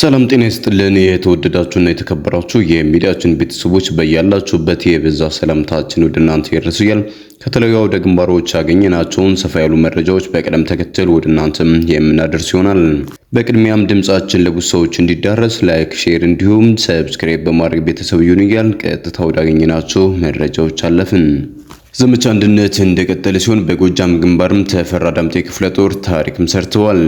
ሰላም ጤና ይስጥልን። የተወደዳችሁና የተከበራችሁ የሚዲያችን ቤተሰቦች በያላችሁበት የበዛ ሰላምታችን ወደ እናንተ ይደርሱ ያል። ከተለያዩ አውደ ግንባሮች ያገኘናቸውን ሰፋ ያሉ መረጃዎች በቅደም ተከተል ወደ እናንተም የምናደርስ ይሆናል። በቅድሚያም ድምጻችን ለብዙ ሰዎች እንዲዳረስ ላይክ፣ ሼር እንዲሁም ሰብስክራይብ በማድረግ ቤተሰብ ይሁን እያል ቀጥታ ወዳገኘናቸው መረጃዎች አለፍን። ዘመቻ አንድነት እንደቀጠለ ሲሆን በጎጃም ግንባርም ተፈራ ዳምጤ ክፍለ ጦር ታሪክም ሰርተዋል።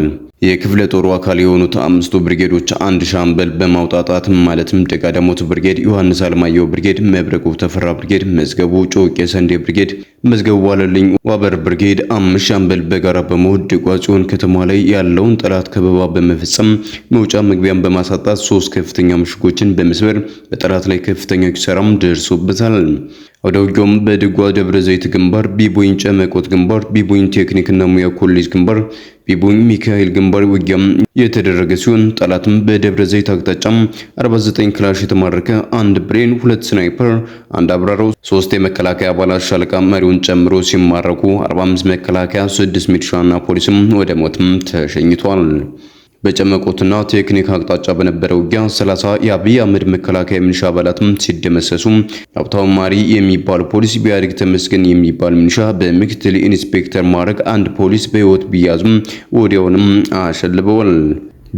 የክፍለ ጦሩ አካል የሆኑት አምስቱ ብርጌዶች አንድ ሻምበል በማውጣጣት ማለትም ደጋ ብርጌድ፣ ዮሐንስ አለማየሁ ብርጌድ፣ መብረቁ ተፈራ ብርጌድ፣ መዝገቡ ጮቄ ሰንዴ ብርጌድ፣ መዝገቡ ዋለልኝ ዋበር ብርጌድ አምስት ሻምበል በጋራ በመሆን ድጓ ጽዮን ከተማ ላይ ያለውን ጠላት ከበባ በመፈጸም መውጫ መግቢያን በማሳጣት ሶስት ከፍተኛ ምሽጎችን በመስበር በጠላት ላይ ከፍተኛ ኪሳራም ደርሶበታል። አውደ ውጊያውም በድጓ ደብረ ዘይት ግንባር፣ ቢቦይን ጨመቆት ግንባር፣ ቢቦይን ቴክኒክና ሙያ ኮሌጅ ግንባር ቢቡኝ ሚካኤል ግንባር ውጊያም የተደረገ ሲሆን ጠላትም በደብረ ዘይት አቅጣጫም 49 ክላሽ የተማረከ አንድ ብሬን፣ ሁለት ስናይፐር፣ አንድ አብራራው፣ ሶስት የመከላከያ አባላት ሻለቃ መሪውን ጨምሮ ሲማረኩ 45 መከላከያ፣ 6 ሚሊሻና ፖሊስም ወደ ሞትም ተሸኝቷል። በጨመቁትና ቴክኒክ አቅጣጫ በነበረው ውጊያ 30 የአብይ አህመድ መከላከያ ሚኒሻ አባላትም ሲደመሰሱ ሀብታሙ ማሪ የሚባል ፖሊስ፣ ቢያድግ ተመስገን የሚባል ሚኒሻ በምክትል ኢንስፔክተር ማድረግ አንድ ፖሊስ በህይወት ቢያዝም ወዲያውንም አሸልበዋል።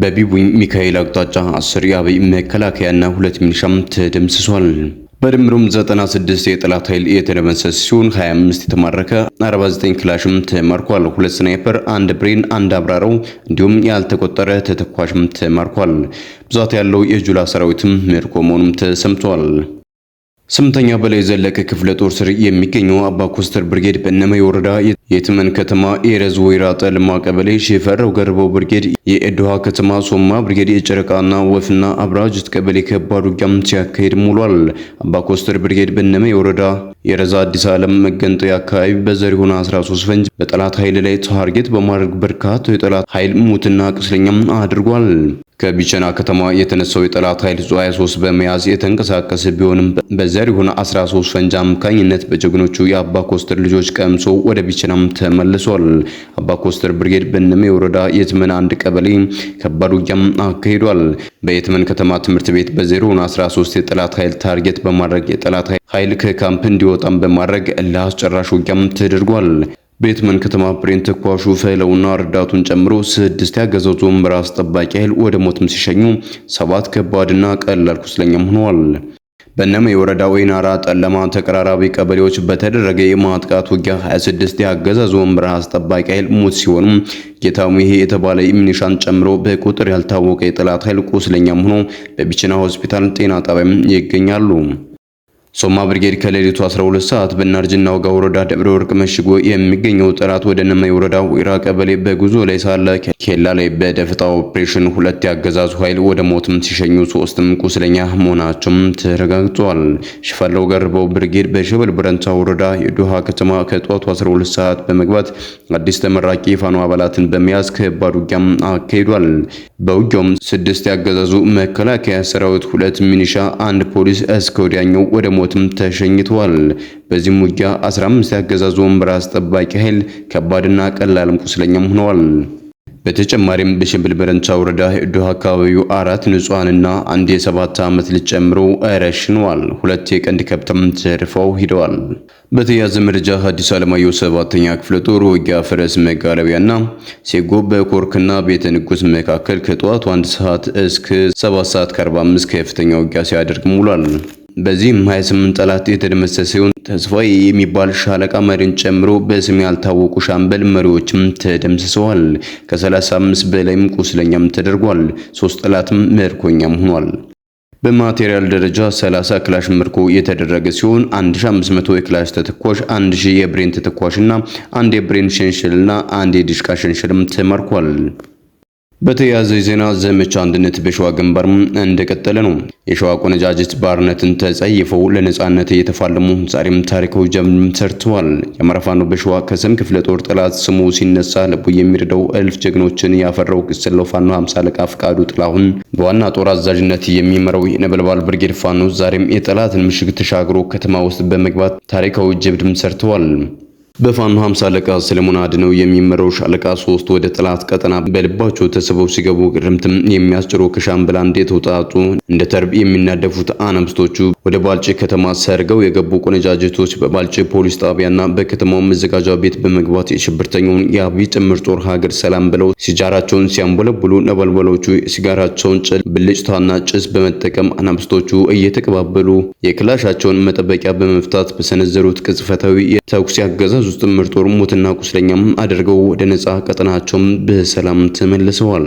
በቢቡኝ ሚካኤል አቅጣጫ 10 የአብይ መከላከያና ሁለት ሚሊሻም ተደምስሷል። በድምሩም 96 የጠላት ኃይል የተደመሰሰ ሲሆን 25 የተማረከ 49 ክላሽም ተማርኳል። ሁለት ስናይፐር፣ አንድ ብሬን፣ አንድ አብራራው እንዲሁም ያልተቆጠረ ተተኳሽም ተማርኳል። ብዛት ያለው የጁላ ሰራዊትም ምርኮ መሆኑም ተሰምቷል። ስምንተኛ በላይ ዘለቀ ክፍለ ጦር ስር የሚገኘው አባ ኮስተር ብርጌድ በእነመ ወረዳ የትመን ከተማ ኤረዝ ወይራ ጠልማ ቀበሌ ሼፈረው ገርበው ብርጌድ፣ የኤድሃ ከተማ ሶማ ብርጌድ የጨረቃና ወፍና አብራጅት ቀበሌ ከባድ ውጊያም ሲያካሄድ ሙሏል። አባኮስተር ብርጌድ በነመ የወረዳ የረዛ አዲስ ዓለም መገንጠያ አካባቢ በዘሪሁን 13 ፈንጅ በጠላት ኃይል ላይ ታርጌት በማድረግ በርካታ የጠላት ኃይል ሙትና ቅስለኛም አድርጓል። ከቢቸና ከተማ የተነሳው የጠላት ኃይል ዙ 23 በመያዝ የተንቀሳቀሰ ቢሆንም በዘሪሁን 13 ፈንጅ አማካኝነት በጀግኖቹ የአባ ኮስተር ልጆች ቀምሶ ወደ ቢቸናም ተመልሷል። አባ ኮስተር ብርጌድ በነሜ ወረዳ የትመን አንድ ቀበሌ ከባድ ውጊያም አካሂዷል። በየትመን ከተማ ትምህርት ቤት በዘሪሁን 13 የጠላት ኃይል ታርጌት በማድረግ የጠላት ኃይል ከካምፕ እንዲወጣም በማድረግ ለአስጨራሽ ውጊያም ተደርጓል። ቤትመን ከተማ ፕሬን ተኳሹ ፈለውና ረዳቱን ጨምሮ ስድስት ያገዘዙ ወንበር አስጠባቂ ኃይል ወደ ሞትም ሲሸኙ ሰባት ከባድና ቀላል ቁስለኛም ሆነዋል። በእነማ የወረዳ ወይናራ ጠለማ ተቀራራቢ ቀበሌዎች በተደረገ የማጥቃት ውጊያ 26 ያገዛዙ ወንበር አስጠባቂ ኃይል ሞት ሲሆኑ ጌታሙ ይሄ የተባለ ሚኒሻን ጨምሮ በቁጥር ያልታወቀ የጠላት ኃይል ቁስለኛም ሆኖ በቢችና ሆስፒታል ጤና ጣቢያም ይገኛሉ። ሶማ ብርጌድ ከሌሊቱ 12 ሰዓት በናርጅና ወጋ ወረዳ ደብረ ወርቅ መሽጎ የሚገኘው ጠላት ወደ ነማይ ወረዳ ወይራ ቀበሌ በጉዞ ላይ ሳለ ኬላ ላይ በደፈጣ ኦፕሬሽን ሁለት ያገዛዙ ኃይል ወደ ሞትም ሲሸኙ ሶስትም ቁስለኛ መሆናቸውም ተረጋግጧል። ሽፈለው ገርበው ብርጌድ በሸበል ብረንታ ወረዳ የዱሃ ከተማ ከጧቱ 12 ሰዓት በመግባት አዲስ ተመራቂ የፋኖ አባላትን በመያዝ ከባድ ውጊያም አካሂዷል። በውጊያውም ስድስት ያገዛዙ መከላከያ ሰራዊት፣ ሁለት ሚኒሻ፣ አንድ ፖሊስ እስከ ወዲያኛው ወደ በሞትም ተሸኝቷል። በዚህም ውጊያ 15 ያገዛዙ ወንበር አስጠባቂ ኃይል ከባድና ቀላልም ቁስለኛም ሆነዋል። በተጨማሪም በሸምበል በረንቻ ወረዳ ዱህ አካባቢው አራት ንጹሐንና አንድ የሰባት ዓመት ልጅ ጨምሮ ረሽነዋል። ሁለት የቀንድ ከብትም ተርፈው ሂደዋል። በተያያዘ መረጃ ሐዲስ ዓለማየሁ ሰባተኛ ክፍለ ጦር ውጊያ ፈረስ መጋለቢያና ሴጎ በኮርክና ቤተ ንጉስ መካከል ከጠዋቱ 1 ሰዓት እስከ 7 ሰዓት 45 ከፍተኛ ውጊያ ሲያደርግ ውሏል። በዚህም 28 ጠላት የተደመሰሰ ሲሆን ተስፋዬ የሚባል ሻለቃ መሪን ጨምሮ በስም ያልታወቁ ሻምበል መሪዎችም ተደምስሰዋል። ከ35 በላይም ቁስለኛም ተደርጓል። ሶስት ጠላትም ምርኮኛም ሆኗል። በማቴሪያል ደረጃ 30 ክላሽ ምርኮ የተደረገ ሲሆን 1500 የክላሽ ተተኳሽ፣ 1000 የብሬን ተተኳሽና አንድ የብሬን ሸንሸልና አንድ የዲሽቃ ሸንሽልም ተማርኳል። በተያያዘ የዜና ዘመቻ አንድነት በሸዋ ግንባር እንደቀጠለ ነው። የሸዋ ቆነጃጅት ባርነትን ተጸይፈው ለነጻነት እየተፋለሙ ዛሬም ታሪካዊ ጀብድም ሰርተዋል። የአማራ ፋኖ በሸዋ ከሰም ክፍለ ጦር ጠላት ስሙ ሲነሳ ልቡ የሚረዳው እልፍ ጀግኖችን ያፈራው ቅስለው ፋኖ ሃምሳ አለቃ ፍቃዱ ጥላሁን በዋና ጦር አዛዥነት የሚመራው የነበልባል ብርጌድ ፋኖ ዛሬም የጠላትን ምሽግ ተሻግሮ ከተማ ውስጥ በመግባት ታሪካዊ ጀብድም ሰርተዋል። በፋኖ 50 አለቃ ሰለሞን አድነው የሚመራው ሻለቃ ሶስት ወደ ጠላት ቀጠና በልባቸው ተስበው ሲገቡ ግርምትም የሚያስጭሩ ከሻምበል አንድ የተውጣጡ እንደ ተርብ የሚናደፉት አናብስቶቹ ወደ ባልጭ ከተማ ሰርገው የገቡ ቆነጃጀቶች በባልጭ ፖሊስ ጣቢያና በከተማው መዘጋጃ ቤት በመግባት የሽብርተኛውን የአብይ ጥምር ጦር ሀገር ሰላም ብለው ሲጃራቸውን ሲያንቦለቡሉ፣ ነበልበሎቹ ሲጋራቸውን ጭል ብልጭታና ጭስ በመጠቀም አናብስቶቹ እየተቀባበሉ የክላሻቸውን መጠበቂያ በመፍታት በሰነዘሩት ቅጽፈታዊ ተኩስ ያገዛዙ የያዙትም ትምህርት ጦር ሞትና ቁስለኛም አድርገው ወደ ነጻ ቀጠናቸውም በሰላም ተመልሰዋል።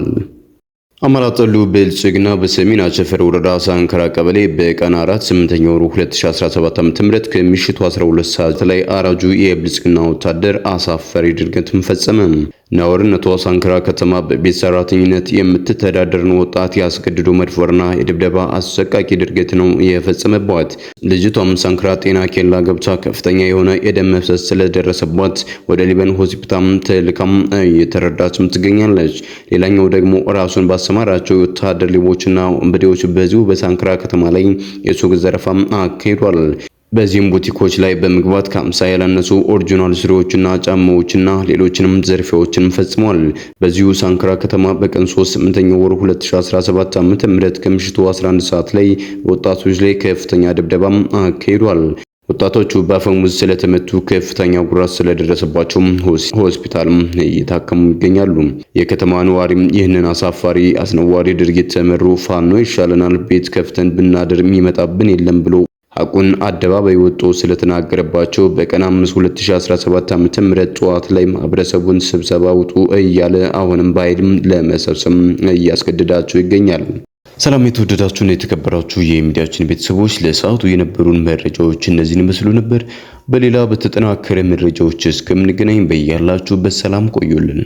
አማራጠሉ ብልጽግና በሰሜን አቸፈር ወረዳ ሳንከራ ቀበሌ በቀን 4 8ኛ ወሩ 2017 ዓ.ም ከምሽቱ 12 ሰዓት ላይ አራጁ የብልጽግና ወታደር አሳፈሪ ድርጊትን ፈጸመም። ነዋሪነቷ ሳንክራ ከተማ በቤት ሰራተኝነት የምትተዳደርን ወጣት ያስገድዶ መድፈርና የድብደባ አሰቃቂ ድርጊት ነው የፈጸመባት። ልጅቷም ሳንክራ ጤና ኬላ ገብታ ከፍተኛ የሆነ የደም መፍሰስ ስለደረሰባት ወደ ሊበን ሆስፒታል ተልካም እየተረዳችም ትገኛለች። ሌላኛው ደግሞ ራሱን ባሰማራቸው የወታደር ሌቦችና ወንበዴዎች በዚሁ በሳንክራ ከተማ ላይ የሱቅ ዘረፋም አካሂዷል። በዚህም ቡቲኮች ላይ በመግባት ከአምሳ ያላነሱ ኦሪጂናል ሱሪዎችና ጫማዎችና ሌሎችንም ዘርፊያዎችን ፈጽሟል። በዚሁ ሳንክራ ከተማ በቀን 3 8ኛ ወር 2017 ም ከምሽቱ 11 ሰዓት ላይ ወጣቶች ላይ ከፍተኛ ድብደባም አካሂዷል። ወጣቶቹ በአፈሙዝ ስለተመቱ ከፍተኛ ጉራት ስለደረሰባቸው ሆስፒታልም እየታከሙ ይገኛሉ። የከተማ ነዋሪም ይህንን አሳፋሪ አስነዋሪ ድርጊት ተመሮ ፋኖ ይሻለናል፣ ቤት ከፍተን ብናደር የሚመጣብን የለም ብሎ አቁን አደባባይ ወጥቶ ስለተናገረባቸው በቀን 5 2017 ዓ.ም ጠዋት ላይ ማህበረሰቡን ስብሰባ ውጡ እያለ አሁንም በኃይልም ለመሰብሰብ እያስገደዳቸው ይገኛል። ሰላም የተወደዳችሁና የተከበራችሁ የሚዲያችን ቤተሰቦች ለሰዓቱ የነበሩን መረጃዎች እነዚህን ይመስሉ ነበር። በሌላ በተጠናከረ መረጃዎች እስከምንገናኝ በያላችሁበት ሰላም ቆዩልን።